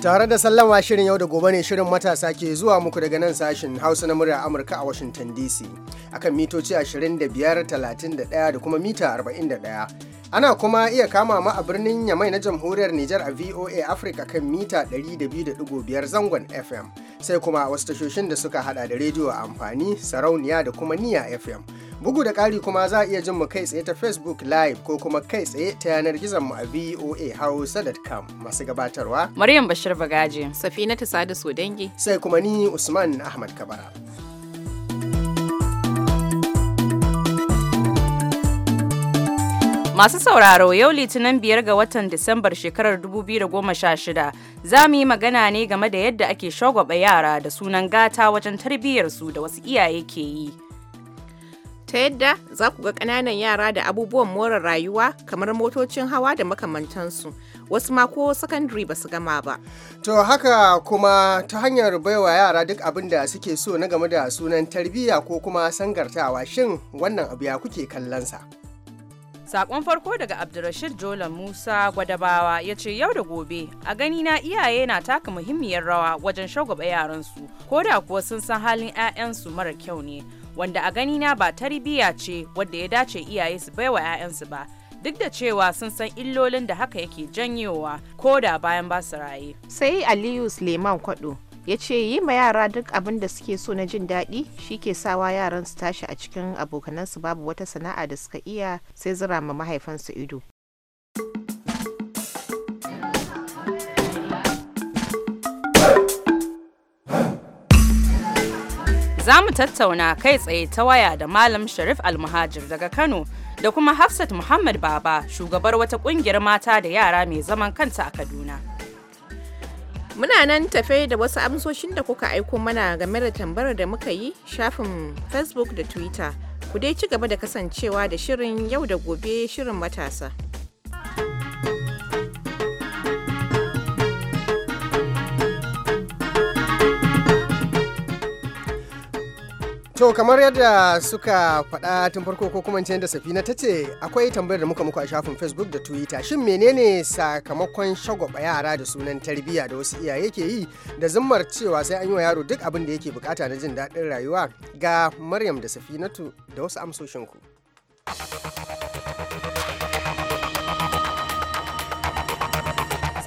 Tare da sallama shirin yau da gobe ne shirin matasa ke zuwa muku daga nan sashen Hausa na murya Amurka a Washington DC akan mitoci 25, 31 da kuma mita 41. Ana kuma iya kama mu a birnin Yamai na Jamhuriyar Nijar a VOA Africa kan mita 102.5 zangon FM, sai kuma wasu tashoshin da suka hada da rediyo a amfani, sarauniya da kuma niya FM. Bugu da ƙari kuma za a iya jin mu kai tsaye ta Facebook Live ko kuma kai tsaye ta yanar gizon mu a voahausa.com masu gabatarwa. Maryam Bashir Bagaje, Safina Tusadu Sodangi. Sai kuma ni Usman Ahmad Kabara. Masu sauraro yau litinin biyar ga watan Disambar shekarar 2016 za mu yi magana ne game da yadda ake shagwaba yara da sunan gata wajen tarbiyyarsu da wasu iyaye ke yi. Ta yadda za ku ga ƙananan yara da abubuwan more rayuwa kamar motocin hawa da makamantansu wasu ma ko sakandare ba su gama ba. To haka kuma ta hanyar baiwa yara duk abin da suke so na game da sunan tarbiyya ko kuma sangartawa shin wannan abu ya kuke kallonsa. Sakon farko daga Abdulrashid Jola Musa Gwadabawa ya ce yau da gobe a gani na iyaye na taka muhimmiyar rawa wajen shagwaba yaransu ko da kuwa sun san halin 'ya'yansu mara kyau ne wanda a gani na ba tarbiyya ce wadda ya dace iyaye su baiwa 'ya'yansu ba duk da cewa sun san illolin da haka yake janyowa ko da bayan ba su raye. Sai Aliyu Suleiman Kwado ya ce yi ma yara duk abin da suke so na jin daɗi shi ke sawa yaran su tashi a cikin abokanansu babu wata sana'a da suka iya sai zira ma mahaifansu ido za mu tattauna kai tsaye ta waya da Malam Sharif Almuhajir daga Kano da kuma Hafsat Muhammad Baba shugabar wata kungiyar mata da yara mai zaman kanta a Kaduna. Muna nan tafe da wasu amsoshin da kuka aiko mana game da tambayar da muka yi shafin Facebook da Twitter. Ku dai ci gaba da kasancewa da shirin yau da gobe shirin matasa. To kamar yadda suka faɗa tun farko ko kuma yadda safina ta ce akwai tambayar da muka muku a shafin Facebook da Twitter shin menene sakamakon shagwaba yara da sunan tarbiyya da wasu iyaye ke yi da zimmar cewa sai an yi wa yaro duk abin da yake bukata na jin daɗin rayuwa ga Maryam da Safinatu da wasu amsoshinku. ku.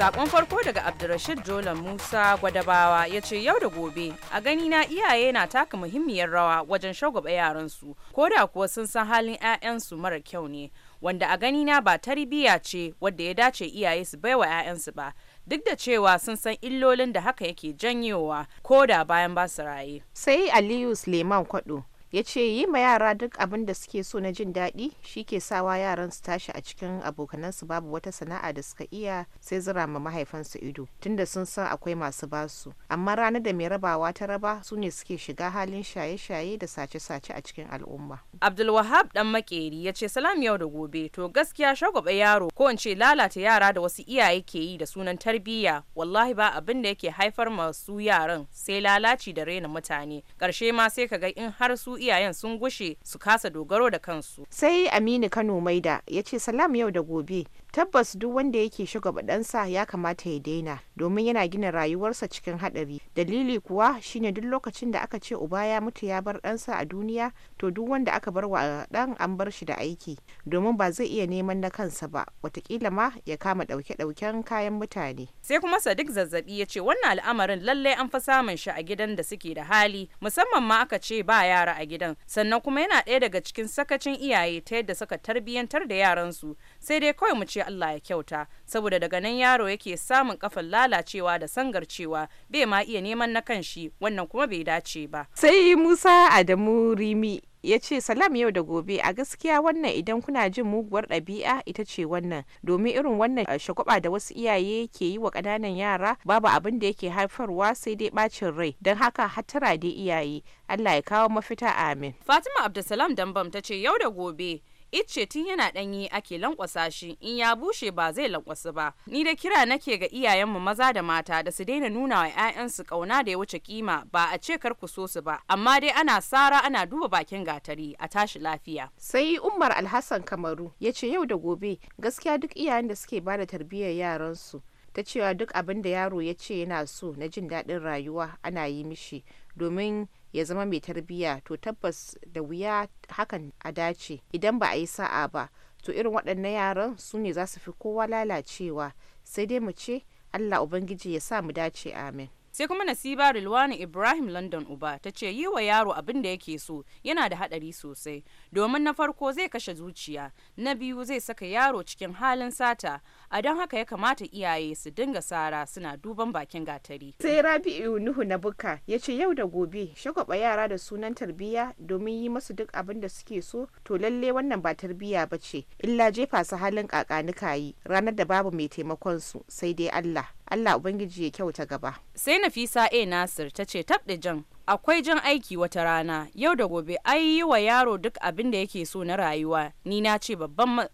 Sakon farko daga Abdulrashid Jolan Musa Gwadabawa ya ce yau da gobe a gani na iyaye na taka muhimmiyar rawa wajen shagwaba yaransu ko da kuwa sun san halin 'ya'yansu mara kyau ne wanda a gani na ba tarbiyya ce wadda ya dace iyaye su baiwa 'ya'yansu ba duk da cewa sun san illolin da haka yake janyowa ko da bayan ba su raye. Sai Aliyu Suleiman Kwado ya ce yi ma yara duk abin da suke so na jin daɗi shi ke sawa yaran su tashi a cikin abokanansu babu wata sana'a da suka iya sai zira ma mahaifansu ido tunda sun san akwai masu basu amma rana da mai rabawa ta raba su ne suke shiga halin shaye-shaye da sace-sace a cikin al'umma. Abdulwahab dan makeri ya ce salam yau da gobe to gaskiya shagwaba yaro ko in ce lalata yara da wasu iyaye ke yi da sunan tarbiyya wallahi ba abin da yake haifar masu yaran sai lalaci da raina mutane ƙarshe ma sai ka ga in har su iyayen sun gushe su kasa dogaro da kansu. Sai Aminu Kano Maida ya ce salam yau da gobe tabbas duk wanda yake shugaba ɗansa ya kamata ya daina domin yana gina rayuwarsa cikin haɗari dalili kuwa shine duk lokacin da aka ce uba ya mutu ya bar ɗansa a duniya to duk wanda aka bar wa ɗan an bar shi da aiki domin ba zai iya neman na kansa ba watakila ma ya kama ɗauke-ɗauken kayan mutane sai kuma sadiq zazzabi ya ce wannan al'amarin lallai an fi samun shi a gidan da suke da hali musamman ma aka ce ba yara a gidan sannan kuma yana ɗaya daga cikin sakacin iyaye ta yadda suka tarbiyyantar da yaransu sai dai kawai mu ce Allah ya kyauta saboda daga nan yaro yake samun kafan lalacewa da sangarcewa bai ma iya neman na kanshi wannan kuma bai dace ba sai Musa Adamu Rimi ya ce salam yau da gobe a gaskiya wannan idan kuna jin muguwar ɗabi'a ita ce wannan domin irin wannan eh, shagwaba da wasu iyaye ke yi wa ƙananan yara babu abin da yake haifarwa sai dai ɓacin rai don haka hatara dai iyaye allah ya kawo mafita amin fatima abdulsalam dambam ta ce yau da gobe Icce tun yana danyi ake lankwasa shi in ya bushe ba zai lankwasu ba. Ni da kira nake ga iyayenmu maza da mata da su daina nuna wa 'ya'yansu kauna da ya wuce kima ba a ce kar ku so su ba amma dai ana sara ana duba bakin gatari a tashi lafiya. Sai Umar Alhassan Kamaru ya ce yau da gobe gaskiya duk iyayen da suke bada tarbiyyar yaransu ta cewa duk abin da yaro ya ce yana so na jin daɗin rayuwa ana yi mishi domin ya zama mai tarbiyya to tabbas da wuya hakan a dace idan ba a yi sa'a ba to irin waɗannan yaran su ne za su fi kowa lalacewa sai dai mu ce allah ubangiji ya sa mu dace amin sai kuma nasiba rilwani ibrahim london uba ta ce yi wa yaro abin da yake so yana da hadari sosai domin na farko zai kashe zuciya na biyu zai saka yaro cikin halin sata a don haka ya kamata iyaye su dinga sara suna duban bakin gatari sai rabi'u nuhu na buka ya ce yau da gobe shagwaba yara da sunan tarbiyya domin yi masu duk abin da suke so to lalle wannan ba tarbiyya ba ce illa jefa su halin kakanika yi ranar da babu mai taimakon su sai dai allah Allah Ubangiji ya kyauta gaba. Sai Nafisa A Nasir ta ce tabɗe jan akwai jan aiki wata rana yau da gobe ai yi wa yaro duk abin da yake so na rayuwa ni na ce babban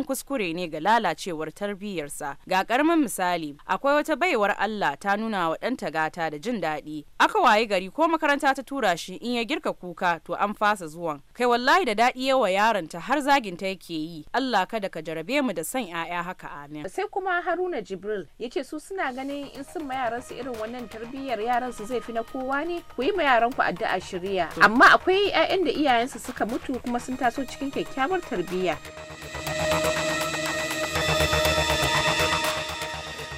eh, kuskure ne ga lalacewar tarbiyyarsa ga karamin misali akwai wata baiwar Allah ta nuna wa ɗanta gata da jin daɗi aka wayi gari ko makaranta ta tura shi in ya girka kuka to an fasa zuwan kai wallahi da daɗi yawa yaron ta har zaginta yake yi Allah kada ka jarabe mu da san 'ya'ya haka amin sai kuma Haruna Jibril yace su suna ganin in sun ma yaran irin wannan tarbiyyar yaransu zai fi na kowa wani ku yi ma yaranku addu'a shirya amma akwai 'ya'yan da iyayensu suka mutu kuma sun taso cikin kyakkyawar tarbiyya.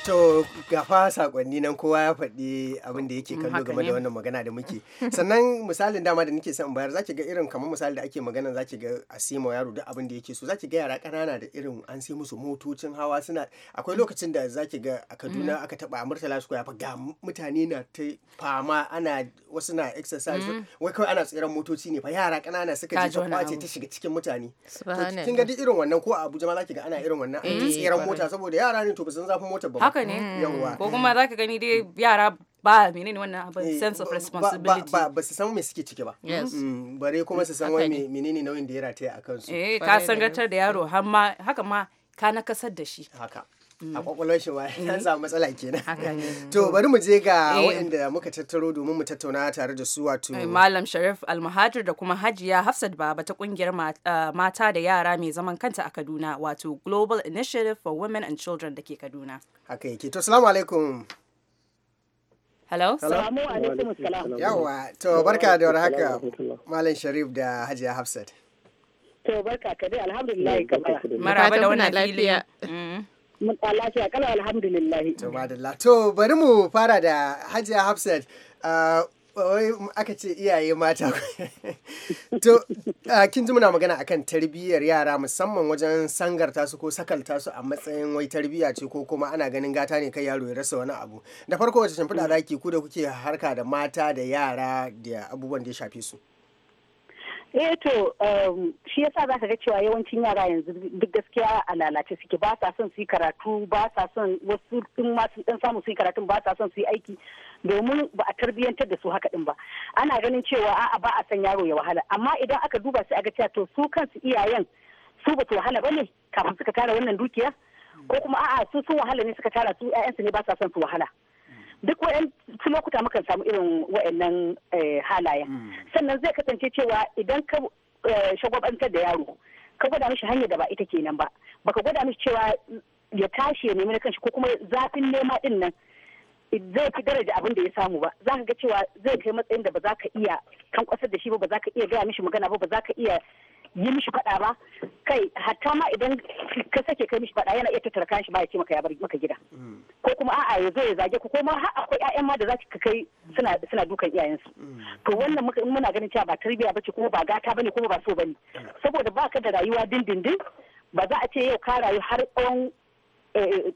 To ga fa sakonni nan kowa ya faɗi abin da yake mm, kallo game da wannan magana da muke. Sannan misalin dama da nake son bayar zaki ga irin kamar misali da ake magana zaki ga asimo yaro da abin da yake so zaki ga yara ƙanana da irin an sai musu motocin hawa suna akwai mm. lokacin da zaki ga a Kaduna mm. aka taba a Murtala Square fa ga mutane na ta fama ana wasu na exercise wai kawai ana tseren motoci ne fa yara ƙanana suka je ta kwace ta shiga cikin mutane. Kin ga duk irin wannan ko a Abuja ma zaki ga ana irin wannan an eh, tseren mota saboda yara ne to ba san zafin mota ba. haka ne mm. ko kuma zaka gani dai yara ba ne wannan abin eh, sense of responsibility ba ba su san me suke ciki ba mm, bare kuma su san mene ne nauyin da ya rataya a kansu eh ka sangatar da yaro har ma haka ma ka nakasar da shi haka Mm. a kwakwalwar shi ba ya mm. samu matsala kenan to bari mu je ga eh. waɗanda muka tattaro domin mu tattauna tare da su wato eh, malam sharif almahajir da kuma hajiya hafsat baba ta kungiyar eh, mata da yara mai zaman kanta a kaduna wato global initiative for women and children da ke kaduna haka yake to salamu alaikum Hello? Salamu alaikum salam. Yawa, to barka da warhaka Malam Sharif da Hajiya Hafsat. To barka ka dai alhamdulillah kamar. Maraba da wannan lafiya. Mm. mun lafiya kala to to bari mu fara da Hajiya Hafsat ah, aka ce iyaye mata to ah, kin ji muna magana akan tarbiyyar yara musamman wajen sangarta su ko sakalta su a matsayin wai tarbiyya ce ko kuma ana ganin gata ne kai yaro ya rasa wani abu da farko wace shimfiɗa mm. zaki ku da kuke harka da mata da yara da abubuwan da ya shafe su eh to um, shi yasa za ka ga cewa yawancin yara yanzu duk gaskiya a lalace suke ba sa son su yi karatu ba sa son wasu din ma sun dan samu su yi karatun ba sa son su yi aiki domin ba a tarbiyyantar da su haka din ba ana ganin cewa a'a ba a san yaro ya wahala amma idan aka duba su aka cewa to su kansu iyayen su ba su wahala ba ne kafin suka tara wannan dukiya ko kuma a'a su sun wahala ne suka tara su 'ya'yansu ne ba sa son su wahala duk waɗansu lokuta mukan samu irin waɗannan eh, halayen hmm. sannan zai kasance cewa idan ka eh, shagwabantar da yaro ka gwada mishi hanya da ba ita kenan ba baka gwada mishi cewa ya tashi ya nemi na kanshi ko kuma zafin nema din nan zai fi daraja abin da ya samu ba za ka ga cewa zai kai matsayin da ba za ka iya kan kwasar da shi ba ba za ka iya gaya mishi magana ba ba za ka iya yi mishi faɗa ba kai hatta ma idan ka sake kai mishi faɗa yana iya tattara kayan shi ba ya ce maka ya bar maka gida ko kuma a'a ya zo ya zage ku ko ma har akwai ƴaƴan ma da za ka kai suna suna dukan iyayensu to wannan muka in muna ganin cewa ba tarbiyya bace kuma ba gata bane kuma ba so bane saboda baka da rayuwa dindindin ba za a ce yau ka rayu har tsawon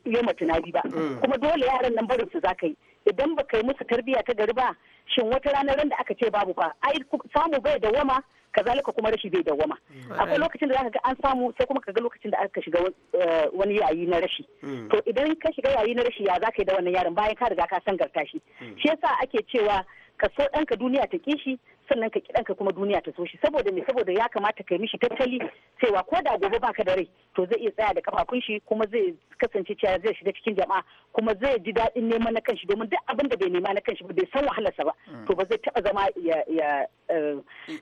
ɗiyo mace bi ba mm. kuma dole yaran nan barin su za ka yi idan ba ka yi musu tarbiyya ta gari ba shin wata ranar ran da aka ce babu ba ai samu bai da wama kazalika kuma rashi bai da wama mm. akwai lokacin da zaka ga an samu sai kuma kaga lokacin da aka shiga eh, wani yayi na rashi mm. to idan ka shiga yayi na rashi ya za ka yi da wannan yaron bayan ka riga ka sangarta shi shi yasa ake cewa ka so ɗanka duniya ta kishi sannan ka kiɗanka ka kuma duniya ta so shi saboda me saboda ya kamata kai mishi tattali cewa ko da gobe baka da rai to zai iya tsaya da kafafun shi kuma zai kasance cewa zai shiga cikin jama'a kuma zai ji daɗin neman na kanshi domin duk abin da bai nema na kanshi ba bai san wahalarsa ba mm. to ba zai taɓa zama ya ya eh,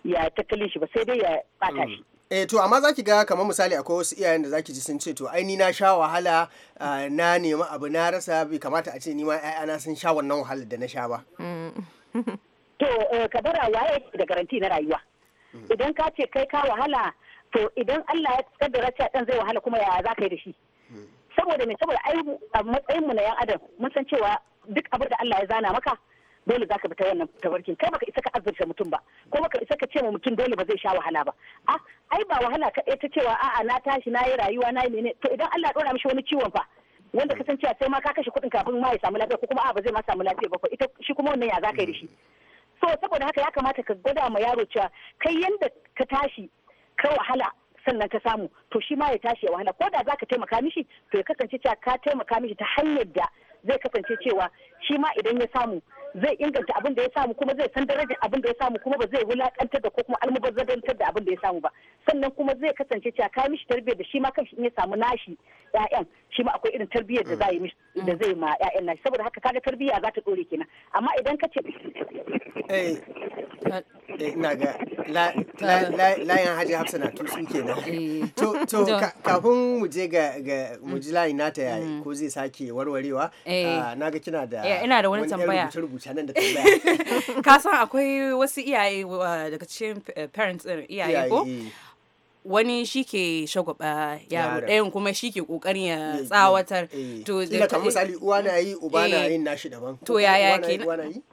ya tattalin shi ba sai dai ya bata mm. shi eh to amma zaki ga kamar misali akwai wasu iyayen da zaki ji sun ce to ai ni na sha wahala eh, na nemi abu na rasa bai kamata a ce ni ma 'ya'yana sun sha wannan wahalar da na sha ba mm. Eh, eh, ka kabara waye da garanti na rayuwa mm. idan ka ce kai ka wahala to idan Allah ya kaddara cewa dan zai wahala kuma yaya za ka yi da shi mm. saboda me saboda ai a matsayin mu na yan adam mun san cewa duk abin da Allah ya zana maka dole za ka bi ta wannan tabarkin kai baka isa ka azurta mutum ba ko baka isa ka ce ma mutum dole ba zai sha wahala ba a ai ba wahala ka ta cewa a'a na tashi na yi rayuwa na yi menene to idan Allah ya dora mishi wani ciwon fa wanda ka san cewa sai ma ka kashe kuɗin kafin ma ya samu lafiya ko kuma a ba zai ma samu lafiya ba ko ita shi kuma wannan ya za ka yi da shi mm. so saboda haka ya kamata ka gwada ma yaro cewa kai yanda ka tashi ka wahala sannan ka samu to shi ma ya tashi ya wahala ko da za ka taimaka mishi to ya kasance cewa ka taimaka mishi ta hanyar da zai kasance cewa shi ma idan ya samu zai inganta abin da ya samu kuma zai san darajar abin da ya samu kuma ba zai wulakantar da ko kuma almubazzadantar da abin da ya samu ba sannan kuma zai kasance cewa ka mishi tarbiyyar da shi ma kanshi in ya samu nashi ya'yan shi ma akwai irin tarbiyyar da za yi mishi mm. da zai ma ƴaƴan nashi saboda haka kaga tarbiyya za ta dore kenan amma idan ka ce eh, eh, ina ga layin hajji hafsa na tutsu kenan eh. to to kafin mu je ga mu ji layin nata yayi mm. ko zai sake warwarewa ah, na ga kina da ina da wani tambaya wani rubuce nan da tambaya ka san akwai wasu iyaye daga cikin parents iyaye ko wani shi ke shagwaba yaro ɗayan kuma shi ke ƙoƙarin ya tsawatar eh. to ta kan eh, misali uwa na yi uba na eh. yin nashi daban to yaya ke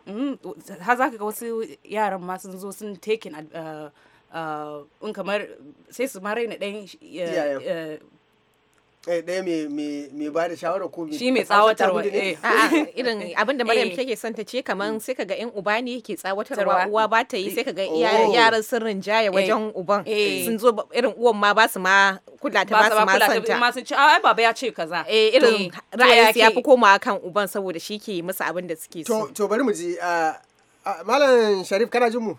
mm, ha za ka ga wasu yaran ma sun zo sun taken uh, uh, in kamar sai su ma raina ɗayan Eh, ɗaya mai ba da shawara ko shi mai tsawatarwa eh. irin abin da maryam eh. take son ta ce kaman mm. sai kaga yan uba ne ke tsawatarwa uwa ba ta yi sai kaga oh. yaran sirrin jaya wajen uban sun zo irin uwan ma ba su ma kula ta ba su ma santa ma sun ce ai baba ya ce kaza eh irin ra'ayi ya fi komawa kan uban saboda shi ke musu abin da suke so to bari mu ji ah, ah, malam sharif kana jin mu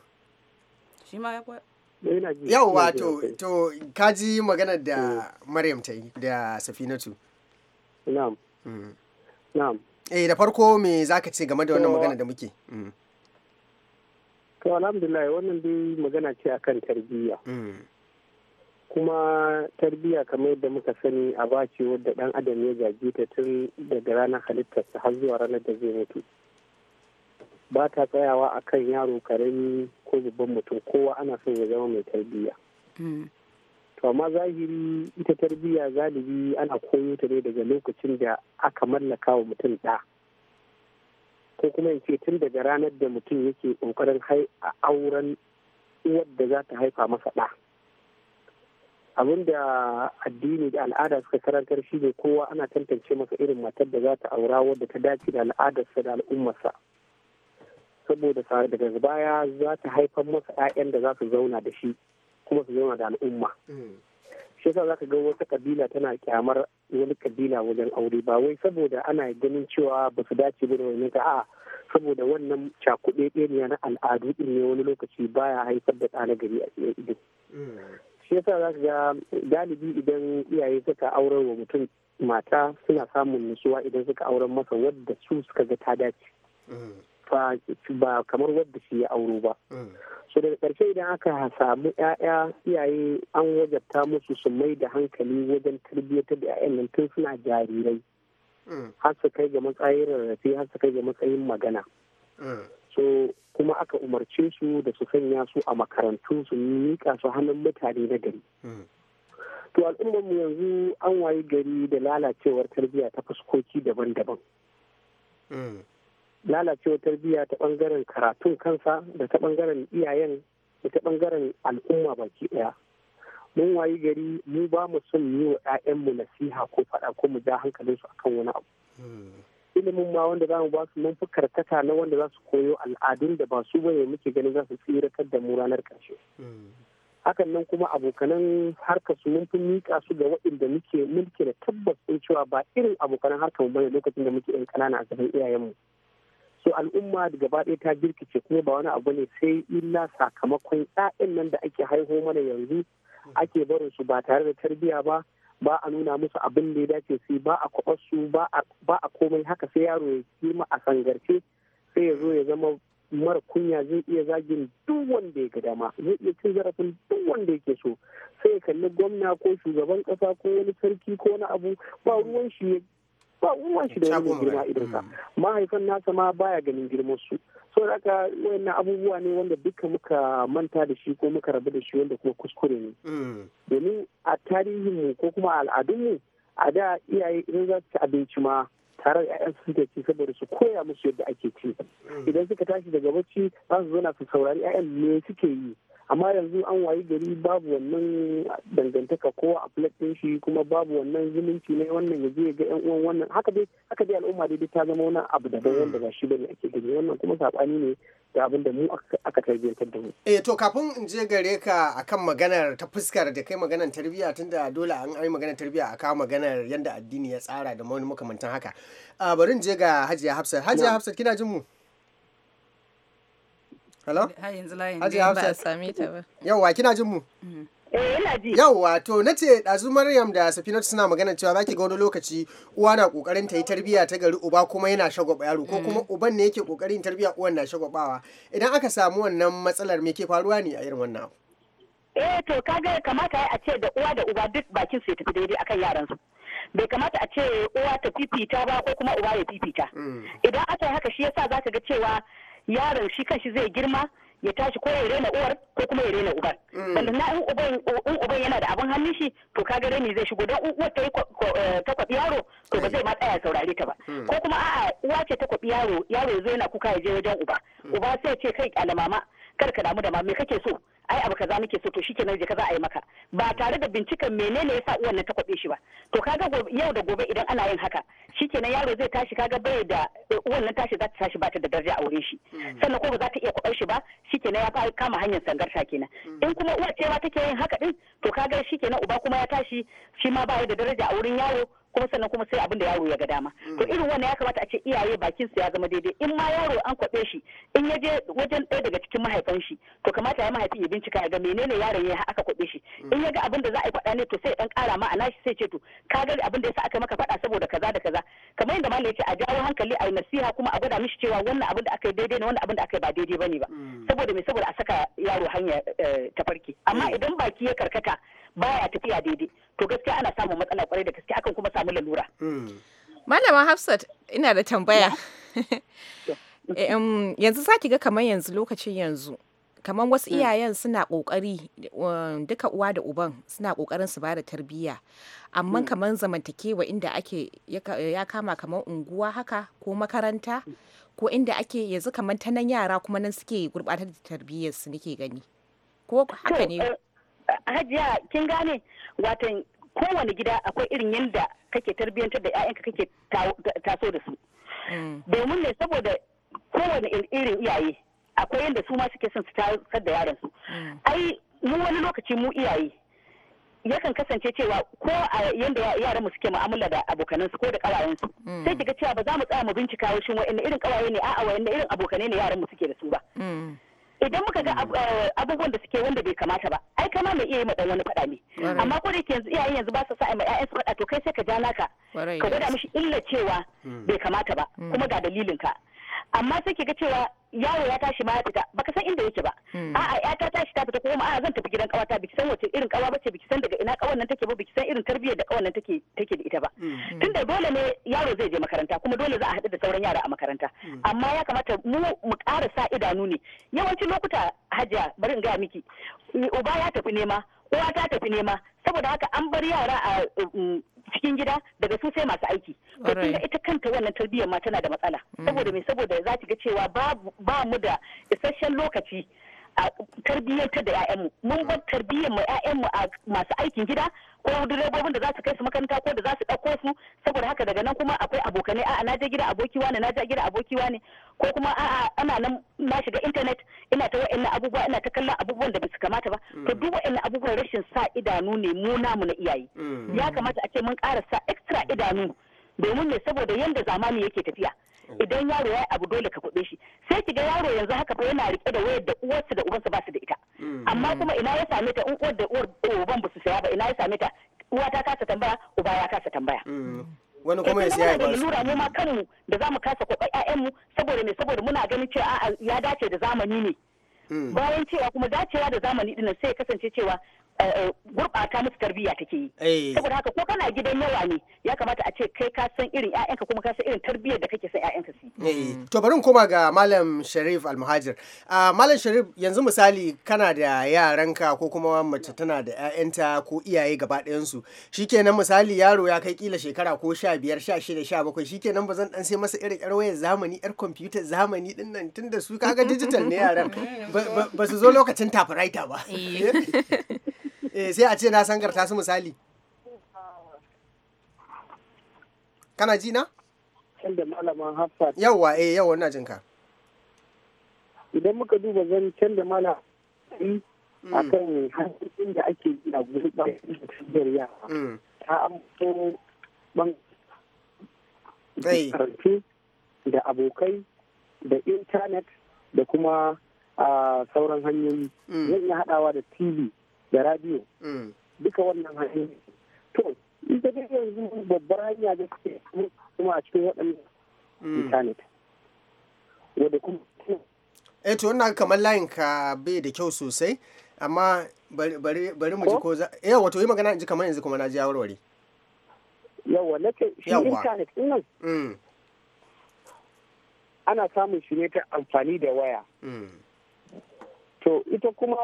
shi ma ya Eh, yau wato to kaji magana da hmm. maryam ta yi da safinatu na'am hmm. na'am eh da farko me zaka ce game da wannan magana da muke hmm. to alhamdulillah wannan dai magana ce akan tarbiyya kuma tarbiyya kamar yadda muka sani a bace wadda dan adam ya gaji ta tun daga ranar halittarsa har zuwa ranar da zai mutu ba ta tsayawa akan yaro karami ko babban mutum kowa ana son ya zama mai tarbiyya hmm. to amma zahiri ita tarbiyya galibi ana koyo ta ne daga lokacin da aka mallaka wa mutum ɗa ko kuma in ce tun daga ranar da mutum yake ƙoƙarin a auren uwar da za ta haifa masa ɗa abin da addini da al'ada suka karantar shi ne kowa ana tantance masa irin matar da za ta aura wadda ta dace da al'adarsa da al'ummarsa saboda daga baya za ta haifar masa 'ya'yan da za su zauna da shi kuma su zauna da al'umma mm. shi yasa zaka ga wata kabila tana kyamar wani kabila wajen aure ba wai saboda ana ganin cewa ba su dace ba da wani ka a saboda wannan cakuɗe ne na al'adu ɗin ne wani lokaci baya haifar da ɗa gari a ido mm. shi yasa zaka ga galibi idan iyaye suka aurar wa mutum mata suna samun nutsuwa idan suka auren masa wadda su suka ga ta dace mm. ba kamar wadda shi ya auro ba mm. so daga ƙarshe idan aka samu 'ya'ya iyaye an wajabta musu su mai da hankali wajen tarbiyyata da 'ya'yan nan tun suna jarirai mm. har su kai ga matsayin rarrafe har su kai ga matsayin magana mm. so kuma aka umarce su da su sanya su a makarantu su miƙa su hannun mutane na gari to al'ummar mu yanzu an wayi gari da lalacewar tarbiyya ta fuskoki daban-daban lalacewa tarbiyya ta bangaren karatun kansa da ta bangaren iyayen da ta bangaren al'umma baki daya mun wayi gari mu ba mu son yi wa 'ya'yanmu nasiha ko faɗa ko mu ja su akan wani abu ilimin ma wanda zamu ba su mun fi karkata na wanda za su koyo al'adun da ba su bane muke ganin za su tsiratar da mu ranar ƙarshe hakan nan kuma abokanan harkar su mun fi miƙa su ga waɗanda muke mulki da tabbas cewa ba irin abokanan harkar mu bane lokacin da muke yan ƙanana a gaban iyayenmu so al'umma gaba ɗaya ta girkice kuma ba wani abu ne sai illa sakamakon 'ya'yan nan da ake haihu mana yanzu ake barin su ba tare da tarbiyya ba ba a nuna musu abin da ya dace su ba a kwabar su ba a komai haka sai yaro ya girma a sangarce sai ya zo ya zama mara kunya zai iya zagin duk wanda ya ga dama zai iya cin zarafin duk wanda yake so sai ya kalli gwamna ko shugaban kasa ko wani sarki ko wani abu ba ruwan shi ba uwan shi da wani girma idan ka mm. mahaifan nasa ma baya ganin girman su so da haka wayannan abubuwa ne wanda duka muka manta da shi ko muka rabu da shi wanda kuma kuskure ne mm. domin a tarihin mu ko kuma al'adun mu a da iyaye idan za su ci abinci ma tare da ƴaƴan suke ci saboda su koya musu yadda ake ci mm. idan suka tashi daga bacci za su zauna su saurari ƴaƴan me suke yi amma yanzu an wayi gari babu wannan dangantaka ko a ɗin shi kuma babu wannan zumunci ne wannan ya je ga yan uwan wannan haka dai haka dai al'umma dai ta zama wani abu da bayan da ba shi bane ake gani wannan kuma sabani ne da abin da mu aka tarbiyyantar da mu eh to kafin in je gare ka akan maganar ta fuskar da kai maganar tarbiyya tunda dole an ai maganar tarbiyya a kawo maganar yanda addini ya tsara da wani makamantan haka ah, bari in je ga Hajiya Hafsat Hajiya Hafsat kina jin mu Hello? haji yanzu ba a same ta ba. Yawwa kina jin mu? Mm. Eh, Yawwa to na ce ɗazu Maryam da Safinat suna magana cewa za ki ga wani lokaci uwa na ƙoƙarin ta yi tarbiyya ta gari uba kuma yana shagwaba yaro ko kuma mm. uban ne yake ƙoƙarin tarbiyya uwan na shagwabawa. Idan aka samu wannan matsalar me ke faruwa ne a irin wannan abu? Eh to kaga kamata a ce da uwa da uba duk bakin su ya tafi daidai akan yaran su. bai kamata a ce uwa ta fifita ba ko kuma uba ya fifita mm. idan aka yi haka shi yasa za ka ga cewa yaron shi kanshi zai girma ya tashi ko ya rena uwar ko kuma ya rena ubar. Mm. sannan na in uban yana da abin hannun shi to ga reni zai shigo don uwar ta yi takwabi eh, yaro to ba mm. zai ma tsaya saurare ta ba mm. ko kuma a'a uwa ce takwabi yaro, yaro ya zo yana kuka ya je wajen uba uba sai ce kai alamama. mama kar ka damu da ma me kake so ai abu kaza nake so to shikenan je kaza a yi maka ba tare da binciken menene yasa uwan nan ta kwabe shi ba to kaga yau da gobe idan ana yin haka shikenan yaro zai tashi kaga bai da uwan nan tashi za ta tashi ba ta da daraja a wurin shi hmm. sannan ko ba za ta iya kwabar shi ba shikenan ya kama hanyar sangarta kenan hmm. in kuma uwar ce ma take yin haka din to kaga shikenan uba kuma ya tashi shi ma ba da daraja a wurin yaro kuma sannan kuma sai abin da yaro ya ga dama to mm. irin wannan ya kamata a ce iyaye bakin su ya zama daidai in ma yaro an kwabe shi in ya je wajen ɗaya daga cikin mahaifan shi to kamata ya mahaifi ya bincika ya ga menene yaron ya aka kwabe shi mm. in ya ga abin da za a yi faɗa ne to sai dan ƙara ma'ana shi sai ce to ka ga abin da yasa aka maka faɗa saboda kaza da kaza kamar yadda malam ce a jawo hankali a yi nasiha kuma a gwada mishi cewa wannan abin da aka yi daidai ne wannan abin da aka yi ba daidai bane ba mm. saboda me saboda a saka yaro hanya eh, tafarki amma idan baki ya karkata baya tafiya daidai Malama Hafsat ina da tambaya. yanzu za ki ga kamar yanzu lokacin yanzu kamar wasu hmm. iyayen suna ƙoƙari um, duka uwa da uban suna ƙoƙarin su bada tarbiyya amma hmm. kamar zamantakewa inda ake ya kama kamar unguwa haka ko makaranta hmm. ko inda ake yanzu kamar ta nan yara kuma nan suke gurɓata da tarbiyyarsu nake gani ko haka ne eh, hajiya kin gane watan kowane gida akwai irin yadda kake tarbiyyantar da 'ya'yanka kake taso da su mm. domin ne saboda kowane irin iyaye akwai yadda su ma suke son su tasar da yaran su mm. ai mu wani lokaci mu iyaye yakan kasance cewa ko a yadda yaran mu suke mu'amala da abokanansu ko da kawayensu mm. sai kiga cewa ba za mu tsaya mu bincika wa shin wa'in irin kawaye ne a'a wa'in irin abokane ne yaran mu suke da su ba idan muka ga eh, abubuwan da suke wanda bai kamata ba ai kama mai iya yi dan wani faɗa ne amma ko da yanzu iyayen yanzu ba su sa mai ƴaƴan su faɗa to kai sai ka ja naka ka gwada mishi illa cewa mm. bai kamata ba mm. kuma ga dalilin ka amma sai ke ga cewa yaro ya tashi ma ya fita baka san inda yake ba hmm. a'a ya ta tashi ta fita kuma a'a zan tafi gidan kawata biki san wace irin kawa bace biki san daga ina kawan nan take ba biki san irin tarbiyyar da kawan nan take take da ita ba hmm. Hmm. tunda dole ne yaro zai je makaranta kuma dole za a haɗu da sauran yara a makaranta amma ya kamata mu mu ƙara sa idanu ne yawancin lokuta hajiya bari in gaya miki uba ya tafi nema uwa ta tafi nema saboda haka an bar yara a um, cikin gida daga sun sai masu aiki to ita kanta wannan tarbiyyar ma tana da matsala mm. saboda me saboda za ki ga cewa ba mu da isasshen lokaci a tarbiyyar ta da 'ya'yanmu mun bar tarbiyyar mu ƴaƴanmu a masu aikin gida ko direbobin da za su kai su makaranta ko da za su ɗauko su saboda haka daga nan kuma akwai abokanai a'a na je gida aboki wani na je gida aboki ne. ko kuma a'a ana nan na shiga intanet ina ta wa'annan abubuwa ina ta kallon abubuwan da basu kamata ba mm. to duk wa'annan abubuwan rashin sa idanu ne mu namu na iyaye mm. ya kamata a ce mun ƙara sa extra idanu domin ne saboda yanda zamani yake tafiya oh. idan yaro ya yi abu dole ka kuɗe shi sai ki ga yaro yanzu haka fa yana rike da wayar da uwarsa da ubansa ba da ita mm. amma kuma ina ya same ta in uwar da uwar uban ba su saya ba ina ya same ta uwa ta kasa tambaya uba ya kasa tambaya wani eh, kuma ya siya ya ba su mu ma kanmu da za mu kasa kwakwai ƴaƴanmu saboda me saboda muna ganin cewa a'a ya dace da zamani ne hmm. bayan cewa kuma dacewa da zamani dinnan sai ya kasance cewa Eh, eh, gurɓata musu tarbiyya take yi eh. saboda haka ko kana gidan yawa ne ya kamata a ce kai ka san irin ƴaƴanka kuma ka san irin tarbiyyar da kake san ƴaƴanka su to bari koma ga malam Sharif Almuhajir ah, malam Sharif yanzu misali kana da yaran ka ko kuma mace tana da ƴaƴanta ko iyaye gaba ɗayan su shikenan misali yaro ya kai kila shekara ko sha sha biyar, shida, sha bakwai, shikenan ba zan dan sai masa irin ƴar wayar zamani ƴar kwamfuta zamani din nan tunda su kaga dijital ne yaran ba su zo lokacin tafaraita ba eh sai a ce na sangarta su misali kana ji na da malaman hafsa yawa eh yawa ina jinka idan muka duba zan can da mala mm. a kan hanyoyin da ake a gurɓar yara mm. ta amso ban karfi da abokai da intanet da kuma ah, sauran hanyoyi mm. zan iya haɗawa da tv da radio mm. duka wannan hanyoyi to ita dai yanzu babbar hanya da suke kuma a cikin waɗannan mm. intanet wadda kuma eh to wannan kamar layin ka bai da kyau sosai amma bari mu ji ko za eh wato yi magana in ji kamar yanzu kuma na ji warware yawa ke shi intanet din nan mm. ana samun shi ne ta amfani da waya To ita kuma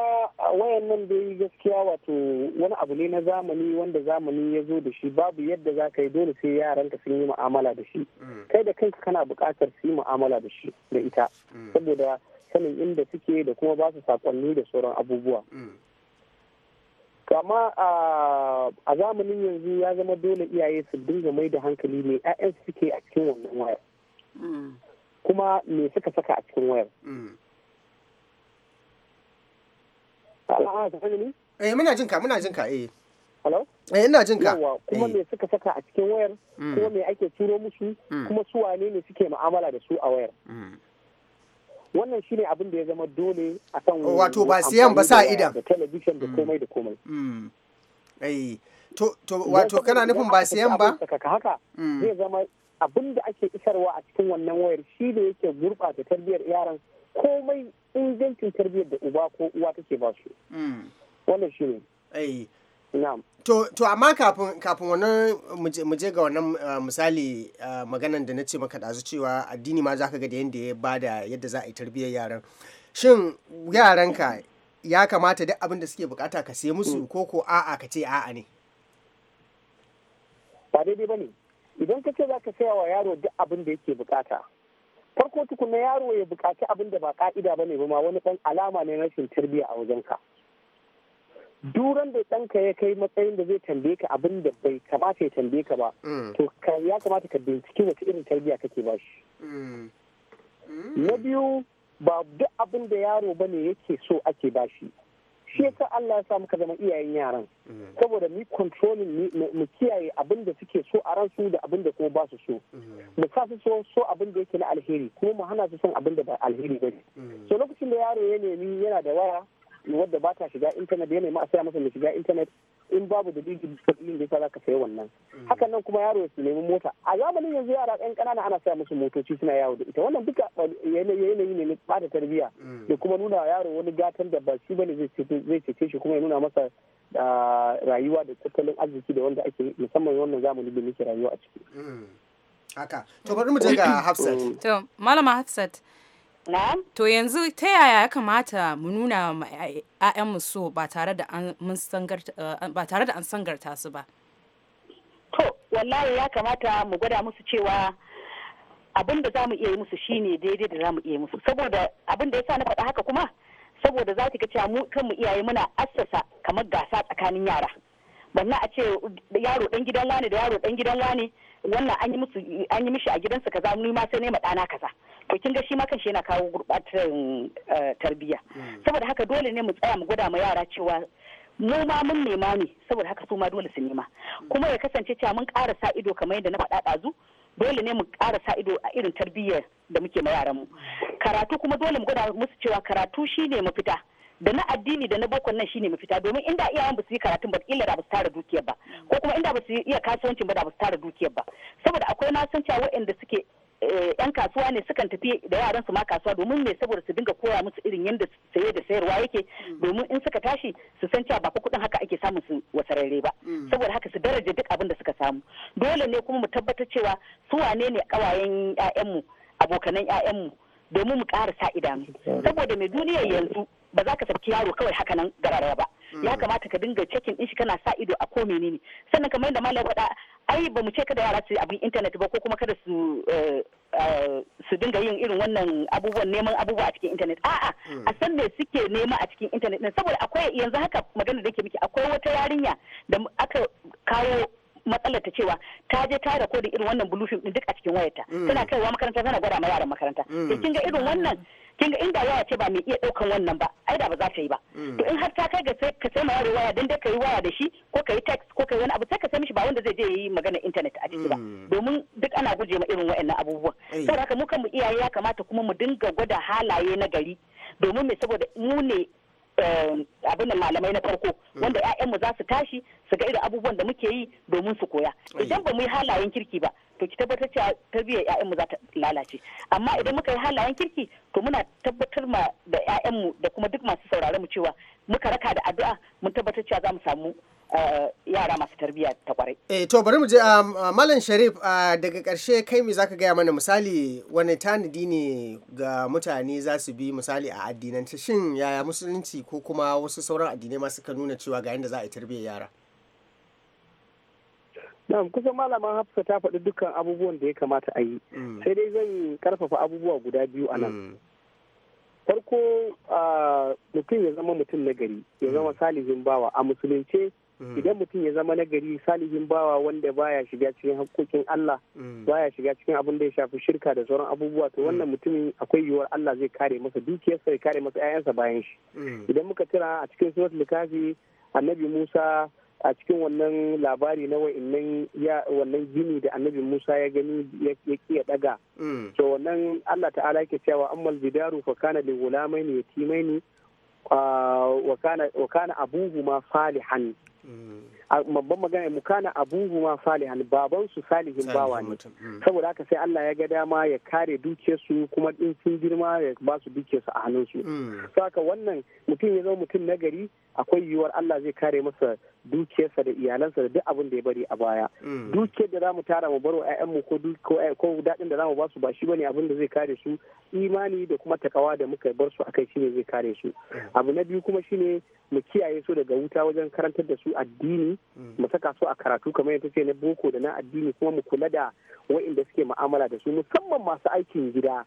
wayan nan yi gaskiya wato wani abu ne na zamani wanda zamani ya zo da shi babu yadda za ka yi dole sai yaranka sun yi mu'amala da shi. Mm. Kai da kanka kana bukatar su yi mu'amala da shi da ita. Mm. Saboda sanin inda suke da kuma ba su saƙonni da sauran abubuwa. kama mm. a zamanin yanzu ya zama dole iyaye su dinga mai da hankali ne 'ya'yan suke a cikin wannan wayar. Kuma me suka saka a cikin wayar. Eh muna jin ka muna jin ka eh. Hello? Eh ina jin ka. kuma me eh. suka saka a cikin wayar mm. kuma me ake turo musu mm. kuma su wane ne suke mu'amala da su a wayar. Mm. Wannan shine abin da ya zama dole a kan oh, wato ba siyan ba sa idan da television da komai da komai. Eh to to wato kana nufin ba siyan ba? Haka zai zama abin da ake isarwa a cikin wannan wayar shi da yake gurɓata tarbiyyar yaran komai ingancin tarbiyyar da uba ko uwa take ba su mm. wannan shi ne To, amma kafin kafin wannan mu je ga wannan uh, misali uh, maganan da na ce maka ɗazu cewa addini ma za ka ga da yadda ya bada yadda za a yi tarbiyyar yaran. Shin yaranka ya kamata duk abin da suke bukata ka sai musu mm. ko ko a'a ka ce a'a ne? Ba daidai ba ne. Idan ka ce za ka saya wa yaro duk abin da yake bukata, farko tukuna yaro ya bukaci abin da ba ka'ida ba ne ba ma wani ɗan alama ne rashin tarbiyya a wajen ka. duran da ɗanka ya kai matsayin da zai tambaye ka abin da bai kamata ya tambaye ka ba mm. to ya kamata ka binciki wata irin tarbiyya kake ba shi mm. Mm. na biyu ba duk abin da yaro ba ne yake so ake ba shi shi yasa Allah ya sa muka zama iyayen yaran saboda mu controlling mu kiyaye abin da suke so a ransu da abin da kuma ba su so mu sa su so so abin da yake na alheri kuma mu hana su son abin da ba alheri bane so lokacin da yaro ya nemi yana da waya wadda ba ta shiga intanet ya nemi a saya masa mai shiga intanet in babu da digi kudin da za ka sayi wannan hmm. hakan nan kuma yaro su nemi mota a zamanin yanzu yara yan kanana ana saya musu motoci suna yawo da ita wannan duka yanayi ne na bada tarbiyya hmm. da kuma nuna yaro wani gatan da ba shi bane zai cece shi kuma ya nuna masa rayuwa da tattalin arziki da wanda ake musamman wannan zamani da muke rayuwa a ciki hmm. haka to bari mu je ga Hafsat to malama Hafsat To yanzu ta yaya ya kamata mu nuna ma mu so eh, ba tare da an sangarta su ba? To, wallahi ya kamata mu gwada musu cewa abin da za mu iya yi musu shine daidai da za mu iya musu. Saboda abin da ya sa na faɗa haka kuma, saboda za ka ga cewa mu kanmu iyaye muna assasa kamar gasa tsakanin yara. banna a ce yaro dan gidan wani da yaro dan gidan wani wannan an yi musu an yi mishi a gidansa kaza ni ma sai nema dana kaza to kin ga shi ma kanshi yana kawo gurbatar eh, tarbiyya hmm. saboda haka dole ne mu tsaya mu gwada ma yara cewa mu ma mun nema ne saboda haka su ma dole su nema hmm. kuma ya kasance cewa mun ƙara sa ido kamar yadda na faɗa ɗazu dole ne mu ƙara sa ido a irin tarbiyyar da muke ma mu hmm. karatu kuma dole mu gwada musu cewa karatu shine mafita da na addini da na boko nan shine mafita domin inda iyayen ba su yi karatun ba illa da ba su tara dukiyar ba ko kuma inda ba su iya kasuwanci ba da ba su tara dukiyar ba saboda akwai na san cewa waɗanda suke yan eh, kasuwa ne sukan tafi da yaran su ma kasuwa domin me saboda su dinga koya musu irin yadda saye da sayarwa yake mm. domin in suka tashi su san cewa ba fa kudin haka ake samun su wasararre ba mm. saboda haka su daraja duk abin da suka samu dole ne kuma mu tabbatar cewa su wane ne kawayen ƴaƴanmu abokanan ƴaƴanmu domin mu ƙara sa idanu saboda mai duniyar yanzu ba za ka saki yaro kawai haka nan gararaya ba ya mm. kamata ka dinga cekin din shi kana sa ido a ko menene sannan kamar yadda malam faɗa ai ba mu ce kada yara su abin intanet ba ko kuma kada su eh, eh, su dinga yin irin wannan abubuwan neman abubuwa a cikin intanet a'a mm. a san me suke nema a cikin intanet din saboda akwai yanzu haka magana da ke miki akwai wata yarinya da aka kawo matsalar ta cewa ta je ta da irin wannan bulufin din duk a cikin wayarta mm. tana kaiwa makaranta tana gwada ma yaran makaranta kin ga irin wannan kin ga inda waya ce ba mai iya daukan wannan ba ai da ba za ta yi ba mm. to in har ta kai ga sai ka sai mai waya dan da kai waya da shi ko kai text ko kai wani abu sai ka sai mishi ba wanda zai je yi magana internet a ciki ba mm. domin duk ana guje ma irin waɗannan abubuwan saboda haka mu kan mu iyaye ya kamata kuma mu dinga gwada halaye na gari domin me saboda mu ne eh, abin da malamai na farko mm. wanda 'ya'yanmu za su tashi su ga irin abubuwan da muke yi domin su koya idan ba mu yi halayen kirki ba to ki tabbatar cewa tarbiyyar ƴaƴanmu za ta lalace amma idan muka yi halayen kirki to muna tabbatar ma da ƴaƴanmu da kuma duk masu sauraron mu cewa muka raka da addu'a mun tabbatar cewa za mu samu eh, yara masu tarbiyya ta kwarai. Eh to bari mu je um, uh, Malam Sharif uh, daga karshe kai me zaka gaya mana misali wani tanadi ne ga mutane za su bi misali a addinance shin yaya musulunci ko kuma wasu sauran addinai ma suka nuna cewa ga yanda za a yi tarbiyyar yara. Na'am kusan malaman Hafsa ta faɗi dukkan abubuwan da ya kamata a yi. Mm. Sai dai zan karfafa abubuwa guda biyu a nan. Mm. Farko mutum ya zama mutum nagari ya zama mm. salihin bawa a musulunce idan mutum ya zama nagari salihin bawa wanda baya shiga cikin haƙoƙin Allah baya shiga cikin abin da ya shafi shirka da sauran abubuwa to wannan mutumin akwai yiwuwar Allah zai kare masa dukiyarsa ya kare masa 'ya'yansa bayan shi. Idan muka tira a cikin surat likafi annabi Musa a cikin wannan labari na wa'annan wannan gini da annabi Musa ya gani ya ya daga mm. to wannan Allah ta'ala yake cewa ammal bidaru fa kana li gulamaini yatimaini wa kana wa kana abuhuma falihan mm. babban magana mu kana abuhu ma salihan baban su salihin bawa ne mm. saboda haka sai Allah ya ga dama ya kare dukiyar kuma in sun girma ya ba su dukiyar a hannun su mm. haka wannan mutum ya zama mutum nagari akwai yiwuwar Allah zai kare masa dukiyarsa da iyalansa da duk abin da ya bari a baya mm. dukiyar da zamu tara mu baro mu ko ko dadin da zamu ba su ba shi bane abin da zai kare su imani da kuma takawa da muka bar su akai shine zai kare su abu na biyu kuma shine mu kiyaye su daga wuta wajen karantar da su addini mu saka su a karatu kamar yadda ce na boko da na addini kuma mu kula da wa'inda suke mu'amala da su musamman masu aikin gida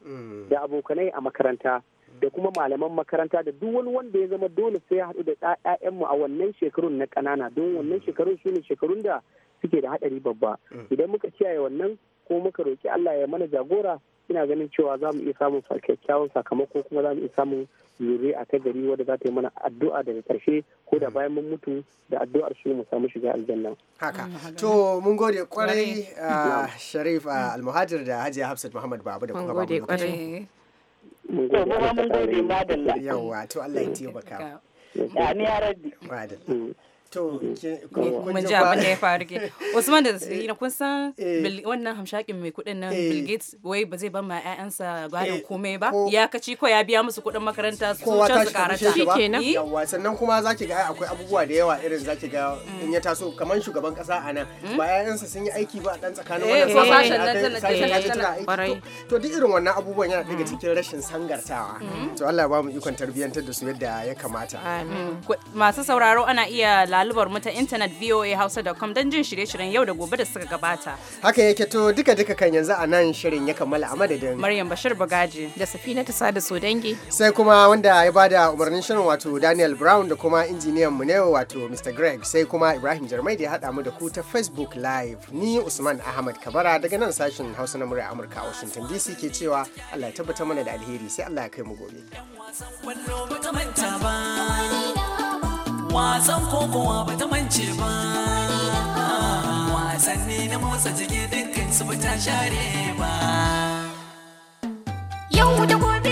da abokanai a makaranta da kuma malaman makaranta da duk wani wanda ya zama dole sai ya haɗu da ɗa'ya'yanmu a wannan shekarun na ƙanana don wannan shekarun su ne shekarun da suke da haɗari babba mm. idan muka kiyaye wannan ko muka roki Allah ya mana jagora ina ganin cewa za mu iya samun kyakkyawan sakamako kuma za mu iya samun yure a ta gari wadda za ta yi mana addu'a daga karshe ko da bayan mun mutu da addu'ar shi mu samu shiga aljanna. Haka. To mun gode kwarai uh, Sharif uh, Almuhajir da Hajiya Hafsat Muhammad Babu da kuma Babu. Mun gode kwarai. Mun gode. madalla. Yawwa to Allah ya taimaka. Ya ni ya rabbi. Madalla. Mm. to mm. kuma ji abin da ya faru ke Usman da Zina kun san eh. wannan hamshakin mai kuɗin nan Bill eh. Gates wai ba zai ban ma ƴaƴansa gadon eh, komai ba ya kaci ko ya biya musu kuɗin makaranta su can su karata shikenan yawa sannan kuma zaki ga akwai abubuwa da yawa irin zaki ga mm. in ya taso kaman shugaban kasa a nan mm. ba ƴaƴansa sun yi aiki ba a dan tsakanin wannan sashen nan tana aiki to duk irin wannan abubuwan yana daga cikin rashin sangartawa to Allah ya ba mu ikon tarbiyyantar da su yadda ya kamata masu sauraro ana iya lalubar mu ta intanet voahausa.com don jin shirye-shiryen yau da gobe da suka gabata. Haka yake to duka duka kan yanzu a nan shirin ya kammala a madadin. Maryam Bashir Bagaji. Da Safina ta sada Sodangi. Sai kuma wanda ya bada umarnin shirin wato Daniel Brown da kuma injiniyan mu ne wato Mr. Greg sai kuma Ibrahim Jarmai da ya haɗa mu da ku ta Facebook Live. Ni Usman Ahmad Kabara daga nan sashen Hausa na murya Amurka a Washington DC ke cewa Allah ya tabbatar mana da alheri sai Allah ya kai mu gobe. wasan kokowa ba ta mance ba wasanni na motsa jiki dukkan su ba ta share ba yau da gobe